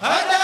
Ana